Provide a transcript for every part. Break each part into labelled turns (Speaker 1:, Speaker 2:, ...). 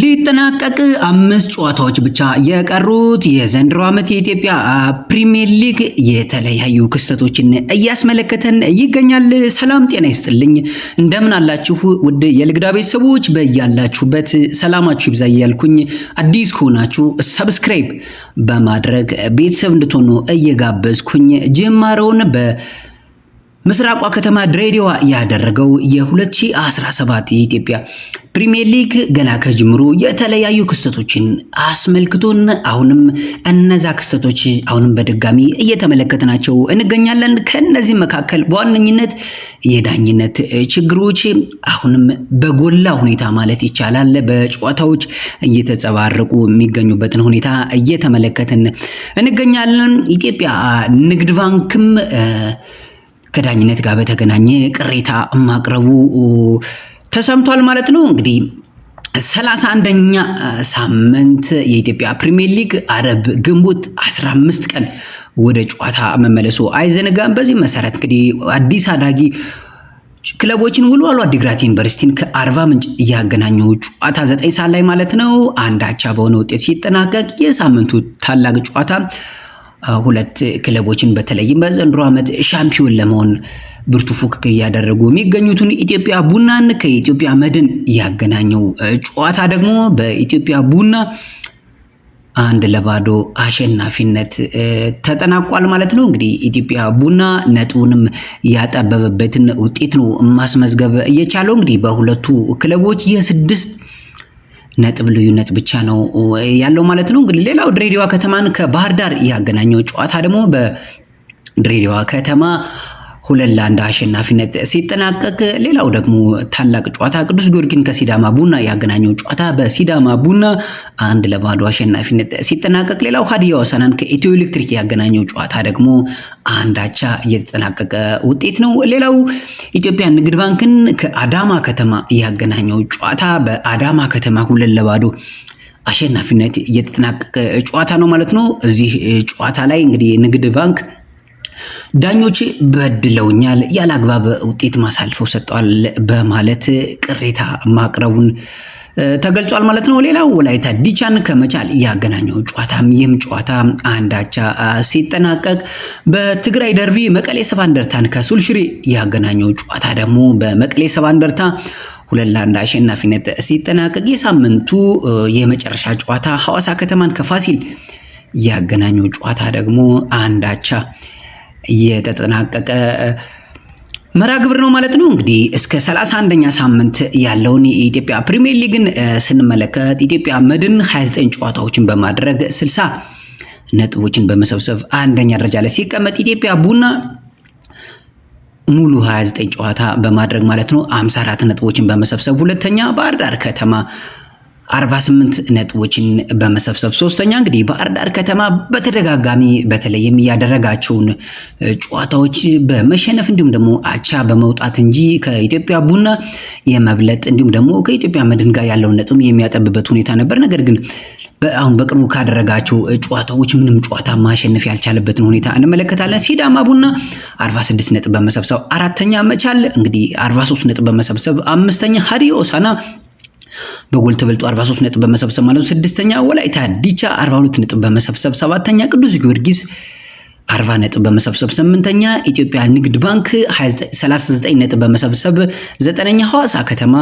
Speaker 1: ሊጠናቀቅ አምስት ጨዋታዎች ብቻ የቀሩት የዘንድሮ ዓመት የኢትዮጵያ ፕሪሚየር ሊግ የተለያዩ ክስተቶችን እያስመለከተን ይገኛል። ሰላም ጤና ይስጥልኝ፣ እንደምን አላችሁ ውድ የልግዳ ቤተሰቦች፣ በያላችሁበት ሰላማችሁ ይብዛ እያልኩኝ አዲስ ከሆናችሁ ሰብስክራይብ በማድረግ ቤተሰብ እንድትሆኑ እየጋበዝኩኝ ጅማሬውን በ ምስራቋ ከተማ ድሬዳዋ ያደረገው የ2017 የኢትዮጵያ ፕሪሚየር ሊግ ገና ከጅምሩ የተለያዩ ክስተቶችን አስመልክቶን አሁንም እነዛ ክስተቶች አሁንም በድጋሚ እየተመለከትናቸው እንገኛለን። ከነዚህ መካከል በዋነኝነት የዳኝነት ችግሮች አሁንም በጎላ ሁኔታ ማለት ይቻላል በጨዋታዎች እየተጸባረቁ የሚገኙበትን ሁኔታ እየተመለከትን እንገኛለን። ኢትዮጵያ ንግድ ባንክም ከዳኝነት ጋር በተገናኘ ቅሬታ ማቅረቡ ተሰምቷል ማለት ነው እንግዲህ ሰላሳ አንደኛ ሳምንት የኢትዮጵያ ፕሪሚየር ሊግ አረብ ግንቦት 15 ቀን ወደ ጨዋታ መመለሱ አይዘነጋም። በዚህ መሰረት እንግዲህ አዲስ አዳጊ ክለቦችን ውሎ አሉ አዲግራት ዩኒቨርሲቲን ከአርባ ምንጭ እያገናኙ ጨዋታ ዘጠኝ ሰዓት ላይ ማለት ነው አንድ አቻ በሆነ ውጤት ሲጠናቀቅ የሳምንቱ ታላቅ ጨዋታ ሁለት ክለቦችን በተለይም በዘንድሮ ዓመት ሻምፒዮን ለመሆን ብርቱ ፉክክ እያደረጉ የሚገኙትን ኢትዮጵያ ቡናን ከኢትዮጵያ መድን ያገናኘው ጨዋታ ደግሞ በኢትዮጵያ ቡና አንድ ለባዶ አሸናፊነት ተጠናቋል ማለት ነው። እንግዲህ ኢትዮጵያ ቡና ነጥቡንም ያጠበበበትን ውጤት ነው ማስመዝገብ የቻለው። እንግዲህ በሁለቱ ክለቦች የስድስት ነጥብ ልዩነት ብቻ ነው ያለው ማለት ነው። እንግዲህ ሌላው ድሬዳዋ ከተማን ከባህር ዳር ያገናኘው ጨዋታ ደግሞ በድሬዳዋ ከተማ ሁለት ለአንድ አሸናፊነት ሲጠናቀቅ፣ ሌላው ደግሞ ታላቅ ጨዋታ ቅዱስ ጊዮርጊን ከሲዳማ ቡና ያገናኘው ጨዋታ በሲዳማ ቡና አንድ ለባዶ አሸናፊነት ሲጠናቀቅ፣ ሌላው ሀዲያ ወሰናን ከኢትዮ ኤሌክትሪክ ያገናኘው ጨዋታ ደግሞ አንዳቻ እየተጠናቀቀ የተጠናቀቀ ውጤት ነው። ሌላው ኢትዮጵያ ንግድ ባንክን ከአዳማ ከተማ ያገናኘው ጨዋታ በአዳማ ከተማ ሁለት ለባዶ አሸናፊነት የተጠናቀቀ ጨዋታ ነው ማለት ነው። እዚህ ጨዋታ ላይ እንግዲህ ንግድ ባንክ ዳኞች በድለውኛል፣ ያለ አግባብ ውጤት ማሳልፈው ሰጠዋል በማለት ቅሬታ ማቅረቡን ተገልጿል ማለት ነው። ሌላው ወላይታ ዲቻን ከመቻል ያገናኘው ጨዋታ ይህም ጨዋታ አንዳቻ ሲጠናቀቅ በትግራይ ደርቢ መቀሌ ሰባ እንደርታን ከሱልሽሪ ያገናኘው ጨዋታ ደግሞ በመቀሌ ሰባ እንደርታ ሁለት ለአንድ አሸናፊነት ሲጠናቀቅ የሳምንቱ የመጨረሻ ጨዋታ ሐዋሳ ከተማን ከፋሲል ያገናኘው ጨዋታ ደግሞ አንዳቻ የተጠናቀቀ መራ ግብር ነው ማለት ነው። እንግዲህ እስከ 31ኛ ሳምንት ያለውን የኢትዮጵያ ፕሪሚየር ሊግን ስንመለከት ኢትዮጵያ መድን 29 ጨዋታዎችን በማድረግ 60 ነጥቦችን በመሰብሰብ አንደኛ ደረጃ ላይ ሲቀመጥ ኢትዮጵያ ቡና ሙሉ 29 ጨዋታ በማድረግ ማለት ነው 54 ነጥቦችን በመሰብሰብ ሁለተኛ፣ ባህር ዳር ከተማ 48 ነጥቦችን በመሰብሰብ ሶስተኛ። እንግዲህ ባህር ዳር ከተማ በተደጋጋሚ በተለይም ያደረጋቸውን ጨዋታዎች በመሸነፍ እንዲሁም ደግሞ አቻ በመውጣት እንጂ ከኢትዮጵያ ቡና የመብለጥ እንዲሁም ደግሞ ከኢትዮጵያ መድን ጋር ያለውን ነጥብ የሚያጠብበት ሁኔታ ነበር። ነገር ግን አሁን በቅርቡ ካደረጋቸው ጨዋታዎች ምንም ጨዋታ ማሸነፍ ያልቻለበትን ሁኔታ እንመለከታለን። ሲዳማ ቡና 46 ነጥብ በመሰብሰብ አራተኛ፣ መቻል እንግዲህ 43 ነጥብ በመሰብሰብ አምስተኛ፣ ሀዲያ ሆሳዕና በጎል ተበልጦ 43 ነጥብ በመሰብሰብ ማለት ነው። ስድስተኛ ወላይታ ዲቻ 42 ነጥብ በመሰብሰብ ሰባተኛ፣ ቅዱስ ጊዮርጊስ 40 ነጥብ በመሰብሰብ ስምንተኛ፣ ኢትዮጵያ ንግድ ባንክ 39 ነጥብ በመሰብሰብ ዘጠነኛ፣ ሐዋሳ ከተማ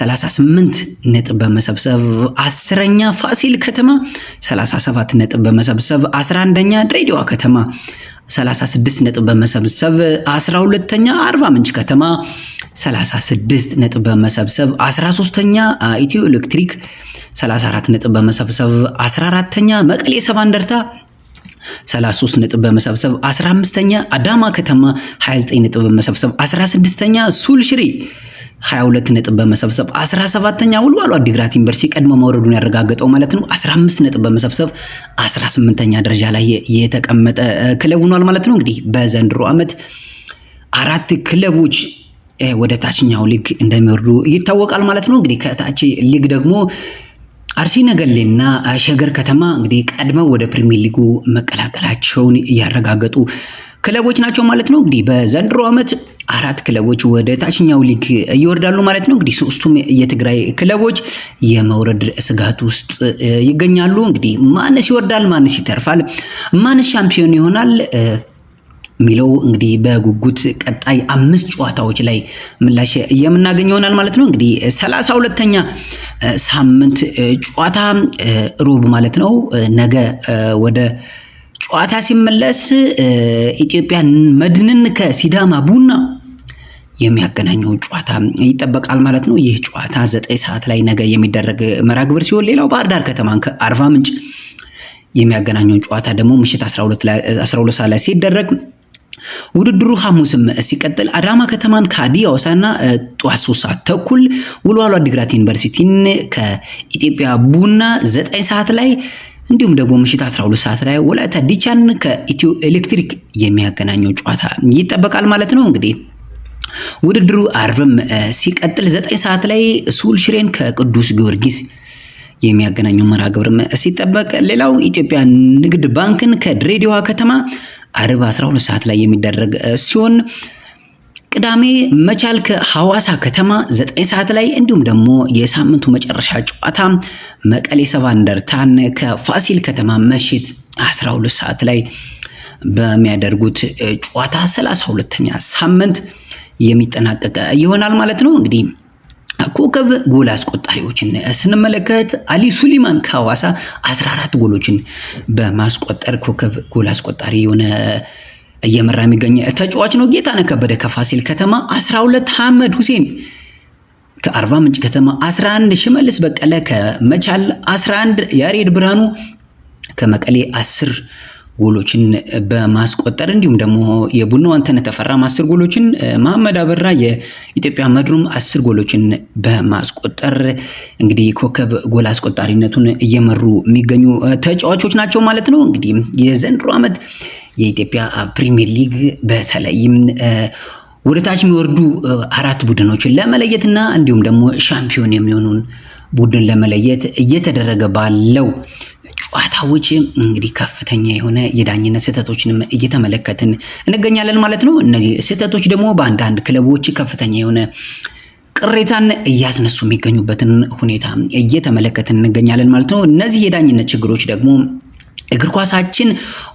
Speaker 1: 38 ነጥብ በመሰብሰብ አስረኛ፣ ፋሲል ከተማ 37 ነጥብ በመሰብሰብ 11ኛ፣ ድሬዳዋ ከተማ 36 ነጥብ በመሰብሰብ 12ተኛ አርባ ምንጭ ከተማ 36 ነጥብ በመሰብሰብ 13ተኛ ኢትዮ ኤሌክትሪክ 34 ነጥብ በመሰብሰብ 14ተኛ መቀሌ ሰባ እንደርታ 33 ነጥብ በመሰብሰብ 15ተኛ አዳማ ከተማ 29 ነጥብ በመሰብሰብ 16ተኛ ሱል ሽሬ 22 ነጥብ በመሰብሰብ 17ኛ አሉ አዲግራት ዩኒቨርሲቲ ቀድሞ መውረዱን ያረጋገጠው ማለት ነው። 15 ነጥብ በመሰብሰብ 18ኛ ደረጃ ላይ የተቀመጠ ክለብ ሆኗል ማለት ነው። እንግዲህ በዘንድሮ ዓመት አራት ክለቦች ወደ ታችኛው ሊግ እንደሚወርዱ ይታወቃል ማለት ነው። እንግዲህ ከታች ሊግ ደግሞ አርሲ ነገሌና ሸገር ከተማ እንግዲህ ቀድመው ወደ ፕሪሚየር ሊጉ መቀላቀላቸውን እያረጋገጡ። ክለቦች ናቸው ማለት ነው። እንግዲህ በዘንድሮ ዓመት አራት ክለቦች ወደ ታችኛው ሊግ ይወርዳሉ ማለት ነው። እንግዲህ ሶስቱም የትግራይ ክለቦች የመውረድ ስጋት ውስጥ ይገኛሉ። እንግዲህ ማንስ ይወርዳል፣ ማንስ ይተርፋል፣ ማንስ ሻምፒዮን ይሆናል የሚለው እንግዲህ በጉጉት ቀጣይ አምስት ጨዋታዎች ላይ ምላሽ የምናገኝ ይሆናል ማለት ነው። እንግዲህ ሰላሳ ሁለተኛ ሳምንት ጨዋታ ሮብ ማለት ነው ነገ ወደ ጨዋታ ሲመለስ ኢትዮጵያን መድንን ከሲዳማ ቡና የሚያገናኘው ጨዋታ ይጠበቃል ማለት ነው። ይህ ጨዋታ ዘጠኝ ሰዓት ላይ ነገ የሚደረግ መራግብር ሲሆን ሌላው ባህር ዳር ከተማን ከአርባ ምንጭ የሚያገናኘውን ጨዋታ ደግሞ ምሽት 12 ሰዓት ላይ ሲደረግ ውድድሩ ሐሙስም ሲቀጥል አዳማ ከተማን ከአዲ ሆሳዕና ጠዋት ሶስት ሰዓት ተኩል፣ ወልዋሎ አዲግራት ዩኒቨርሲቲን ከኢትዮጵያ ቡና ዘጠኝ ሰዓት ላይ እንዲሁም ደግሞ ምሽት 12 ሰዓት ላይ ወላይታ ዲቻን ከኢትዮ ኤሌክትሪክ የሚያገናኘው ጨዋታ ይጠበቃል ማለት ነው። እንግዲህ ውድድሩ አርብም ሲቀጥል ዘጠኝ ሰዓት ላይ ሱል ሽሬን ከቅዱስ ጊዮርጊስ የሚያገናኘው መርሃ ግብርም ሲጠበቅ ሌላው ኢትዮጵያ ንግድ ባንክን ከድሬዳዋ ከተማ አርብ 12 ሰዓት ላይ የሚደረግ ሲሆን ቅዳሜ መቻል ከሐዋሳ ከተማ 9 ሰዓት ላይ እንዲሁም ደግሞ የሳምንቱ መጨረሻ ጨዋታ መቀሌ ሰባ እንደርታን ከፋሲል ከተማ መሽት 12 ሰዓት ላይ በሚያደርጉት ጨዋታ 32ኛ ሳምንት የሚጠናቀቀ ይሆናል ማለት ነው። እንግዲህ ኮከብ ጎል አስቆጣሪዎችን ስንመለከት አሊ ሱሊማን ከሐዋሳ 14 ጎሎችን በማስቆጠር ኮከብ ጎል አስቆጣሪ የሆነ እየመራ የሚገኘ ተጫዋች ነው። ጌታነህ ከበደ ከፋሲል ከተማ 12 ሐመድ ሁሴን ከአርባ ምንጭ ከተማ 11 ሽመልስ በቀለ ከመቻል 11 ያሬድ ብርሃኑ ከመቀሌ 10 ጎሎችን በማስቆጠር እንዲሁም ደግሞ የቡና አንተነህ ተፈራም 10 ጎሎችን መሐመድ አበራ የኢትዮጵያ መድሩም 10 ጎሎችን በማስቆጠር እንግዲህ ኮከብ ጎል አስቆጣሪነቱን እየመሩ የሚገኙ ተጫዋቾች ናቸው ማለት ነው። እንግዲህ የዘንድሮ ዓመት የኢትዮጵያ ፕሪሚየር ሊግ በተለይም ወደ ታች የሚወርዱ አራት ቡድኖችን ለመለየትና እንዲሁም ደግሞ ሻምፒዮን የሚሆኑን ቡድን ለመለየት እየተደረገ ባለው ጨዋታዎች እንግዲህ ከፍተኛ የሆነ የዳኝነት ስህተቶችንም እየተመለከትን እንገኛለን ማለት ነው። እነዚህ ስህተቶች ደግሞ በአንዳንድ ክለቦች ከፍተኛ የሆነ ቅሬታን እያስነሱ የሚገኙበትን ሁኔታ እየተመለከትን እንገኛለን ማለት ነው። እነዚህ የዳኝነት ችግሮች ደግሞ እግር ኳሳችን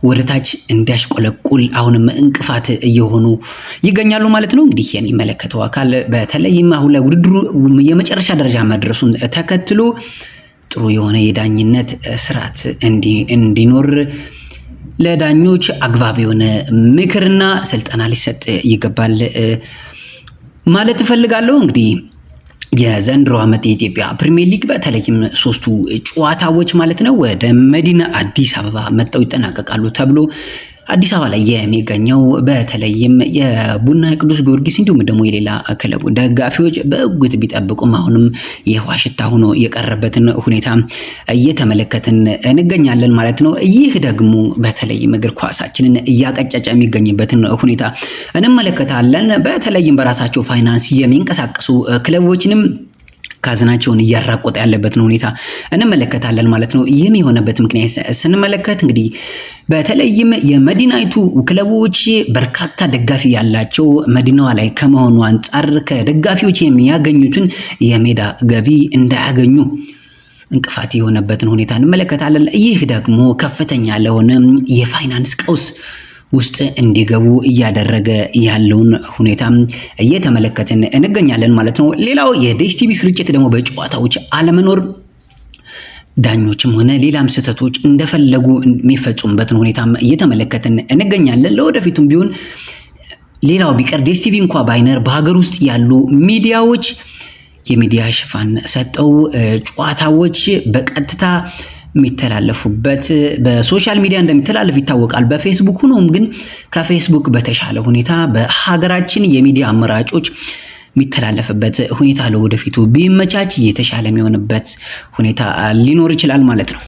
Speaker 1: ወደ ታች እንዲያሽቆለቁል አሁንም እንቅፋት እየሆኑ ይገኛሉ ማለት ነው። እንግዲህ የሚመለከተው አካል በተለይም አሁን ላይ ውድድሩ የመጨረሻ ደረጃ መድረሱን ተከትሎ ጥሩ የሆነ የዳኝነት ስርዓት እንዲኖር ለዳኞች አግባብ የሆነ ምክርና ስልጠና ሊሰጥ ይገባል ማለት እፈልጋለሁ እንግዲህ የዘንድሮ ዓመት የኢትዮጵያ ፕሪሚየር ሊግ በተለይም ሶስቱ ጨዋታዎች ማለት ነው ወደ መዲና አዲስ አበባ መጥተው ይጠናቀቃሉ ተብሎ አዲስ አበባ ላይ የሚገኘው በተለይም የቡና ቅዱስ ጊዮርጊስ እንዲሁም ደግሞ የሌላ ክለቡ ደጋፊዎች በእጉት ቢጠብቁም አሁንም ይህ ሽታ ሆኖ የቀረበትን ሁኔታ እየተመለከትን እንገኛለን ማለት ነው። ይህ ደግሞ በተለይም እግር ኳሳችንን እያቀጨጨ የሚገኝበትን ሁኔታ እንመለከታለን። በተለይም በራሳቸው ፋይናንስ የሚንቀሳቀሱ ክለቦችንም ካዝናቸውን እያራቆጠ ያለበትን ሁኔታ እንመለከታለን ማለት ነው። ይህም የሆነበት ምክንያት ስንመለከት እንግዲህ በተለይም የመዲናይቱ ክለቦች በርካታ ደጋፊ ያላቸው መዲናዋ ላይ ከመሆኑ አንጻር ከደጋፊዎች የሚያገኙትን የሜዳ ገቢ እንዳያገኙ እንቅፋት የሆነበትን ሁኔታ እንመለከታለን። ይህ ደግሞ ከፍተኛ ለሆነ የፋይናንስ ቀውስ ውስጥ እንዲገቡ እያደረገ ያለውን ሁኔታ እየተመለከትን እንገኛለን ማለት ነው። ሌላው የዲስቲቪ ስርጭት ደግሞ በጨዋታዎች አለመኖር ዳኞችም ሆነ ሌላም ስህተቶች እንደፈለጉ የሚፈጹምበትን ሁኔታም እየተመለከትን እንገኛለን። ለወደፊቱም ቢሆን ሌላው ቢቀር ዲስቲቪ እንኳ ባይነር በሀገር ውስጥ ያሉ ሚዲያዎች የሚዲያ ሽፋን ሰጠው ጨዋታዎች በቀጥታ የሚተላለፉበት በሶሻል ሚዲያ እንደሚተላለፍ ይታወቃል። በፌስቡክ ሆኖም ግን ከፌስቡክ በተሻለ ሁኔታ በሀገራችን የሚዲያ አማራጮች የሚተላለፍበት ሁኔታ ለወደፊቱ ቢመቻች የተሻለ የሚሆንበት ሁኔታ ሊኖር ይችላል ማለት ነው።